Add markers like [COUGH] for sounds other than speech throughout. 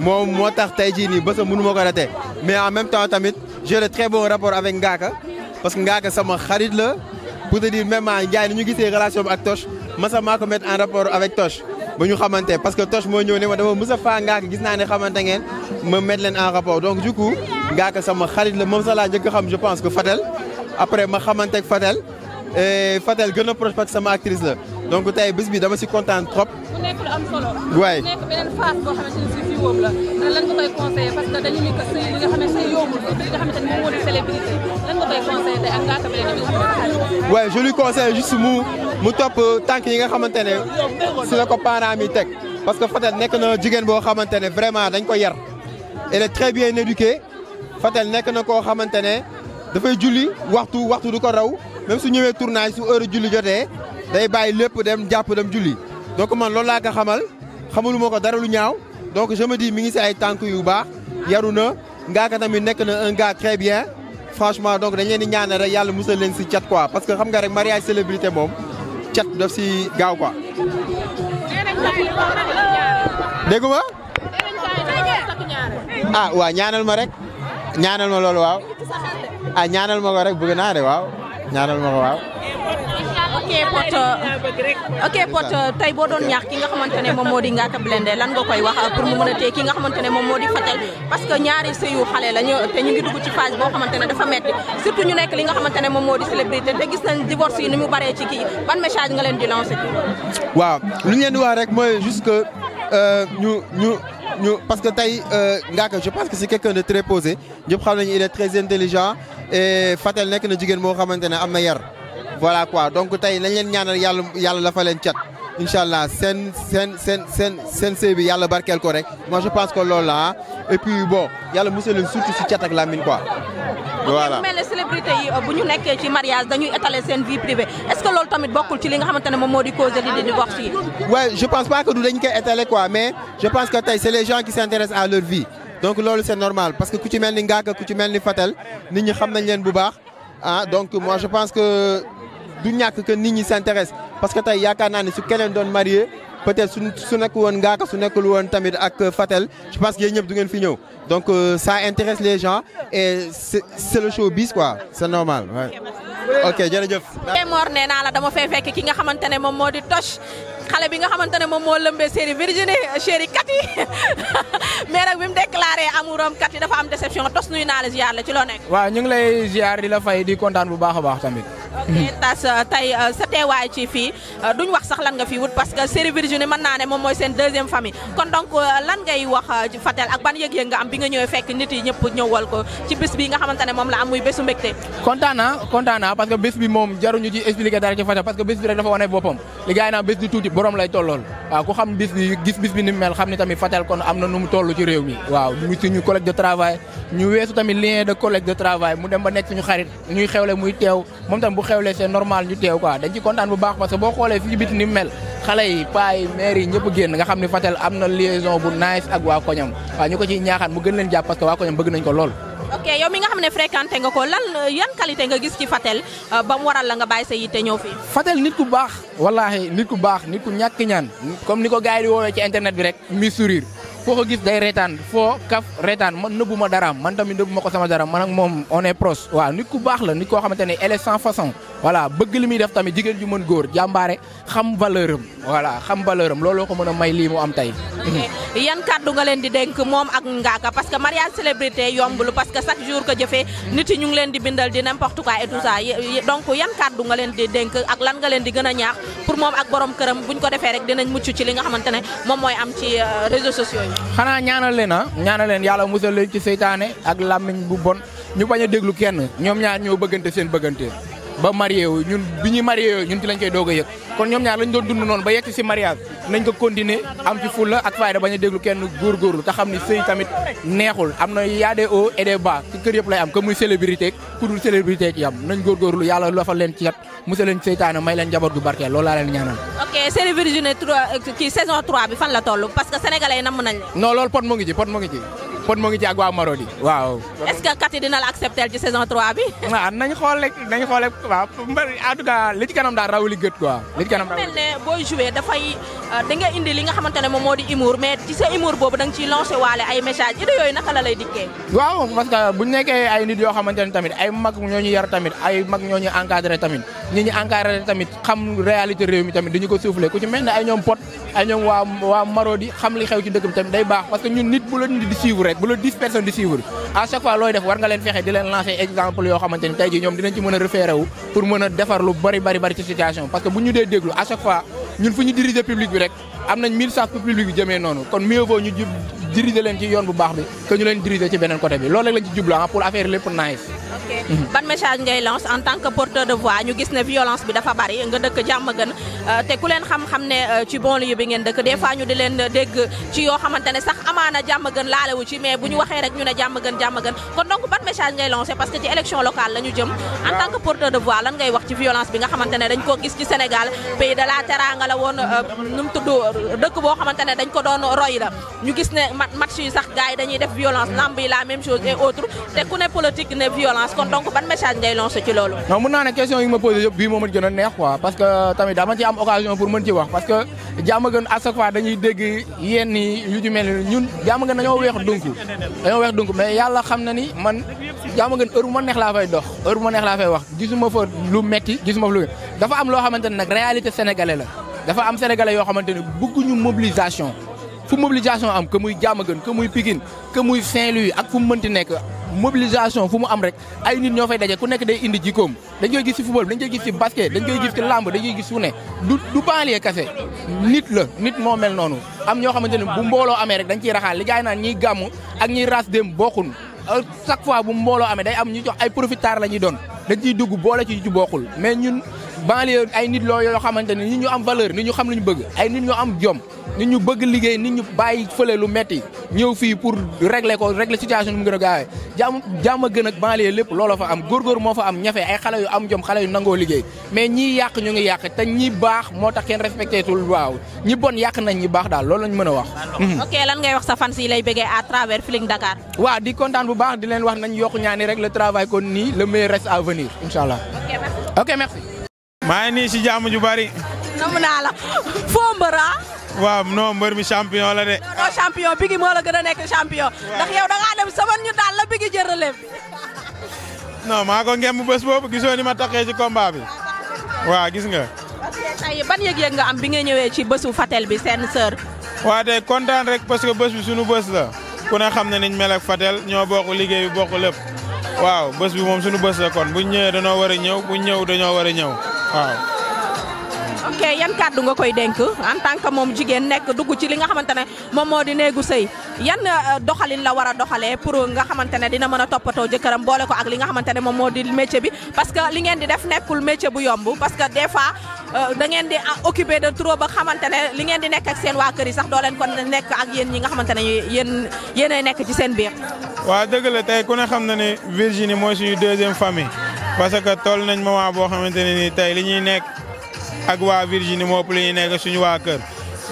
moom moo tax tey jii nii bësam mënu ma ko raté mais en même temps tamit j'ai de très bon rapport avec Ngaaka parce que Ngaaka sama xarit la pour te dire même ah Ndiaye ni ñu gisee relation bi ak Toch masa maa ko mettre en rapport avec Toch ba ñu xamante parce que Toch moo ñëw ne ma dama mës a faa Ngaaka gis naa ne xamante ngeen ma mettre leen en rapport donc du Ngaaka sama xarit la moom sa laa njëkk xam je pense que Fatel après ma xamante ak Fatel Fatel gën a proche parce sama actrice la donc tey bés bi dama si kontaan trop. mu nekk lu am bi waaye je lui conseille mu mu topp tànk yi nga xamante ne si la ko parents teg parce que Fatel nekk na jigéen boo xamante ne vraiment dañ ko yar elle est très bien éduquée Fatel nekk na koo xamante ne dafay julli waxtu waxtu du ko raw. même su ñëwee tournage su heure julli jotee day bàyyi lépp dem jàpp dem julli donc man loolu laa ko xamal xamaluma ko dara lu ñaaw donc je me mi ngi si ay tànk yu baax yaru na Ngaaka tamit nekk na un gars très bien franchement donc dañ leen di ñaanal rek yàlla musal leen si cat quoi parce que xam nga rek mariage célébrité moom cat daf si gaaw quoi. dégg ma ah waaw ñaanal ma rek ñaanal ma loolu waaw ah ñaanal ma ko rek bëgg waaw. ñaanal ma ko waaw. ok Pod ok boo doon ñaax ki nga xamante ne moom moo di Ngaaka Blindé lan nga koy wax pour mu mën a téye ki nga xamante ne moom moo di Fatel parce que ñaari sëyu xale lañu te ñu ngi dugg ci phase boo xamante dafa metti surtout ñu nekk li nga xamante ne moom moo di célébrité te gis nañ divorce yi ni mu baree ci kii ban message nga leen di waaw lu ñu leen rek mooy juste que Euh, ñu ñu ñu parce que tey euh, Ngaaka je pense que c'est quelqu'un de très posé ñëpp xam nañu il est très intelligent et Fatel nekk na jigéen moo xamante ne am na yar voilà quoi donc tey nañ leen ñaanal yàlla yàlla la fa leen cat incha allah seen seen seen seen seen yàlla barkeel ko rek moi je pense que loolu la ah. et puis bon yàlla musal leen surtout si cat ak làmmiñ quoi. voilà mel ne célébrité yi bu ñu nekkee ci mariage dañuy étaler seen vie privée est ce que loolu tamit bokkul ci li nga xamante moom moo di causer di divorce yi. waaye je pense pas que du dañ koy étaler quoi mais je pense que tey c' est qui s' à leur vie donc loolu c' normal parce que ku mel ni Ngaaka du ñàkk que nit ñi s'intéresse parce que tey yaakaar naa ne su keneen doon marié peut-être su su nekk woon ngaaka su nekkul woon tamit ak euh, Fatel je pense que yéen ñëpp du fi ñëw donc euh, ça intéresse les gens et c'est le showbiz quoi c'est normal ok jërëjëf. Mor nee naa la dama fay fekk nga xamante ne moom moo di Toch xale bi nga xamante ne moom moo lëmbee série Virginie chéri kat yi [LAUGHS] mais nag bi mu déclaré amuram kat yi dafa am déception tos nuyu naa la ziar la ci loo nekk. waaw ñu lay ziar di la fay di kontaan bu baax a baax tamit. ok tas euh, euh, sa teewaay ci fii euh, duñ wax sax lan nga fi wut parce que série Virginie mën naa ne moom mooy seen deuxième famille kon donc lan ngay wax Fatel ak ban yëg-yëg nga am bi nga ñëwee fekk nit yi ñëpp ñëwal ko ci bés bi nga xamante ne moom la am muy bésu mbégte. kontaan naa kontaan naa parce que borom lay tollool waaw ku xam bis bi gis bis bi ni xam ni tamit Fatel kon am na nu mu toll ci réew mi waaw mu suñu collègue de travail ñu weesu tamit lien de collègue de travail mu dem ba nekk suñu xarit ñuy xewle muy teew moom tamit bu xewle c'est normal ñu teew quoi dañ ci kontaan bu baax parce que boo xoolee fii biti ni mel xale yi ñëpp génn nga xam ni Fatel am na liaison bu nice ak waa koñam waaw ñu ko ciy ñaaxaan mu gën leen jàpp waa koñam bëgg nañ ko lool ok yow mi nga xam ne fréquenté nga ko lan yan nga gis ci Fatel euh, ba mu waral la nga bàyyi sa yitte ñëw fi Fatel nit ku baax. wallaahi nit ku baax nit ku ñàkk ñaan. comme ni ko gars yi di woowee ci internet bi rek. mi sourire. foo ko gis day reetaan foo kaf reetaan man nëbbu ma daraam man tamit nëbbu ma ko sama daraam man ak moom on est proche nit ku baax la nit koo xamante ne elle façon voilà bëgg li muy def tamit jigéen ju mën góor jàmbaare xam valeur am xam valeur looloo ko mën a may lii mu am tey. yan kàddu nga leen di dénk moom ak Ngaaka parce mariage célébrité yombul parce que jour ko jëfee nit ñu leen di bindal di n'importe quoi donc yan kàddu nga leen di dénk a ñaax pour moom xanaa ñaanal leen ah ñaana leen yàlla musal leen ci seytaane ak làmmiñ bu bon ñu bañ a déglu kenn ñoom ñaar ñoo bëggante seen bëggante ba marié wu ñun bi ñuy marié wu ñun ci lañ koy doog a yëg kon ñoom ñaar lañ doon dund noonu ba yegg si mariage nañ ko continuer am ci fulla ak fayda bañ a déglu kenn góorgóorlu te xam ni sëy tamit neexul am na y o des hauts et lay am que muy ku dul célébrité ci am nañ góorgóorlu yàlla lafal leen ci yat musal leen seytaane may leen njaboot gu barkeel loolu leen ñaanal. ok célébrité euh, kii saison 3 bi fan la toll Pod moo ngi ci ak waa Marodi waaw. est-ce que Kati dina la accepter ci saison 3 bi. waaw [LAUGHS] ah, nañ xool rek nañ xool rek waaw en tout cas li ci kanam daal rawu li gët quoi. li ci kanam daal mel ne booy joué dafay euh, da indi li nga xamante ne moom moo di humour mais ci sa boobu da nga ciy lancé waale ay message idées yooyu naka la lay dikkee. waaw parce que bu ñu ay nit yoo xamante tamit ay mag ñoo ñu yar tamit ay mag ñoo ñu encadré tamit ñi ñu encadré tamit xam réalité réew mi ko soufflé ku ci mel ne rek bu la dix personnes di suivre à chaque fois looy def war fexe di leen lancer exemple yoo xamante ni tey ji ñoom dinañ ci mën a référé pour mën a defar lu bari bari bari ci situation parce que bu ñu dee déglu à chaque fois ñun fu ñu diriger public bi rek am nañ mille sacs pour bi jëmee noonu kon mieux vaut ñu diriger leen ci yoon bu baax bi que ñu leen diriger ci beneen côté bi loolu rek ci jublu ah mhm. ngay lance en tant que porteur de voix ñu gis ne violence bi dafa bari nga dëkk jàmm gën euh, te ku leen xam-xam ne euh, ci banlieue bi ngeen dëkk des ñu di leen dégg ci yoo xamante sax amaana jàmm gën laalewu ci mais bu ñu waxee rek ñu ne jàmm gën jàmm gën kon donc ban message ngay lancé parce que ci élection locale la jëm. en tant que porteur de voix lan ngay match yi sax gars dañuy def violence lamb la même chose et autres te ku ne politique ne violence kon donc ban message ngay lancé ci loolu non mën naa ne yi ma posé yëpp bii moo ma gën a neex quoi parce que tamit dama ci am occasion pour mën ci wax parce que jàmm gën à chaque fois dañuy dégg yenn yi yu ci mel ni ñun jàmm gën weex dunk dañoo weex xam na ni man jàmm gën heure bu neex laa fay dox heure bu ma neex laa fay wax gisuma fa lu metti gisuma fa lu dafa am loo xamante ne nag réalité sénégalais am sénégalais yoo xamante ne bëgguñu fu mobilisation am que muy Diamaguène que muy Pikine que ak fu mu mënti fu mu am rek ay nit ñoo fay daje ku nekk day indi jikkoom dañ koy gis ci football dañ koy gis si basket dañ koy gis ci làmb dañ koy gis fu du du banlieue nit la nit moo mel noonu am ñoo xamante ne bu mbooloo amee rek dañ ciy raxaal li gaay naan ñiy gàmmu ak ñiy ras dem bokkun euh, chaque fois bu mbooloo ame day am ñu jox ay profiteurs la ñuy doon dañ ciy dugg boole ci ci bokkul banlieue ay nit loo yoo xamante ne nit ñu am valeur nit ñu xam lu ñu bëgg ay nit ñu am jom nit ñu bëgg liggéey nit ñu bàyyi fële lu metti ñëw fii pour régler ko régler situation mu gën a gaawee jàmm jàmm a gën ak banlieue lépp looloo fa am góorgóor moo fa am ñafe ay xale yu am jom xale yu nangoo liggéey mais ñii yàq ñu ngi yàq te ñi baax moo tax kenn respecté tul waaw ñi bon yàq nañ ñi baax daal loolu lañ mën a wax. Mhm. ok lan ngay wax sa fans si lay bëggee à travers Feeling Dakar. waaw di baax di leen wax nañ yokk ñaani rek le travail kon nii le meilleur reste à venir incha allah. ok maa ngi nii si jàmm ju bari. namm naa la ah? waaw non mbër mi champion la de. non champion moo la gën a nekk champion. ndax yow da ngaa dem sama ñu daal la bigi jël relève bi. maa ko ngemb bés boobu gisoo ni ma taxee ci combat bi waaw gis nga. tey ban yëg-yëg nga am bi nga ñëwee ci bésu Fatel bi seen sœur. waa tey kontaan rek parce que bés bi sunu bës la ku ne xam ne niñ mel ak Fatel ñoo bokk liggéey bi bokk lépp waaw bés bi moom sunu bés la kon buñ ñëwee dañoo war a ñëw buñ ñëw dañoo war a ñëw. waaw. ok yan kàddu nga koy dénk en tant que moom jigéen nekk dugg ci li nga xamante ne moom moo di néegu sëy yan euh, doxalin la war a doxalee pour nga xamante ne dina mën a toppatoo jëkkëram boole ko ak li nga xamante ne moom moo di métier bi parce que li ngeen di def nekkul métier bu yomb parce que des fois euh, da di ah, occupé de trop ba xamante ne li ngeen di nekk ak seen waa kër yi sax doo leen ko nekk ak yéen ñi nga xamante ne yéen yéenay nekk ci seen biir. waaw dëgg la tey ku na ne Virginie mooy suñu deuxième parce que toll nañ moment boo xamante ne nii tey li ñuy nekk ak waa Virginie moo ëpp nekk suñu waa kër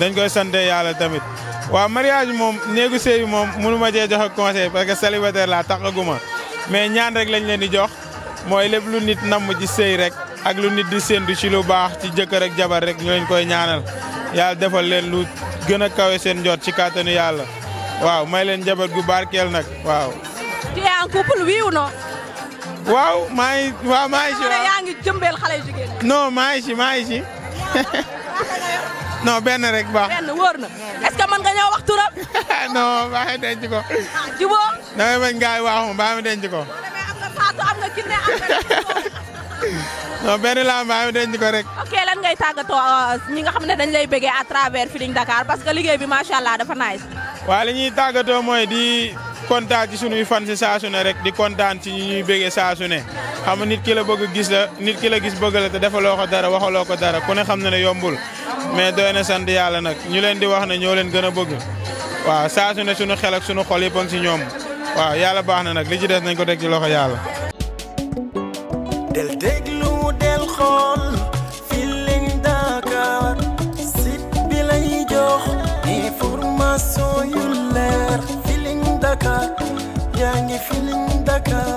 dañ koy sante yàlla tamit waaw mariage moom néegu sëy bi moom mënu ma cee joxe conseil parce que célibataire laa taxaguma mais ñaan rek lañ leen di jox mooy lépp lu nit namm ji sëy rek ak lu nit di séntu ci lu baax ci jëkkër ak jabar rek ñu leen koy ñaanal yàlla defal leen lu gën a kawe seen njot ci kàttanu yàlla waaw may leen jabar gu barkeel nag waaw. tu waaw maa ngi waaw maa ngi si waaw jigéen non maa ngi si maa benn rek baax. benn wóor na est-ce nga ñëw wax turam. [LAUGHS] non baax na denc ko. ah jubóo. damay bañ gars yi waaxuma baax denc ko. [LAUGHS] non benn laa baax na denc ko rek. ok lan ngay tàggatoo euh, ñi nga xam ne dañ lay bëggee à travers Feeling Dakar parce que liggéey bi macha allah dafa nice. waaw li ñuy tàggatoo di. kontaan ci sunuy fan si saa su ne rek di kontaan ci ñu ñuy béggee saa su ne xam nit ki la bëgg gis la nit ki la gis bëgg la te defaloo ko dara waxaloo ko dara ku ne xam na ne yombul mais doy na sant yàlla nag ñu leen di wax ne ñoo leen gën a bëgg waaw saa ne sunu xel ak sunu xol yi a ngi si ñoom waaw yàlla baax na nag li ci des nañ ko teg ci loxo yàlla. yaa ngi Feeling Dakar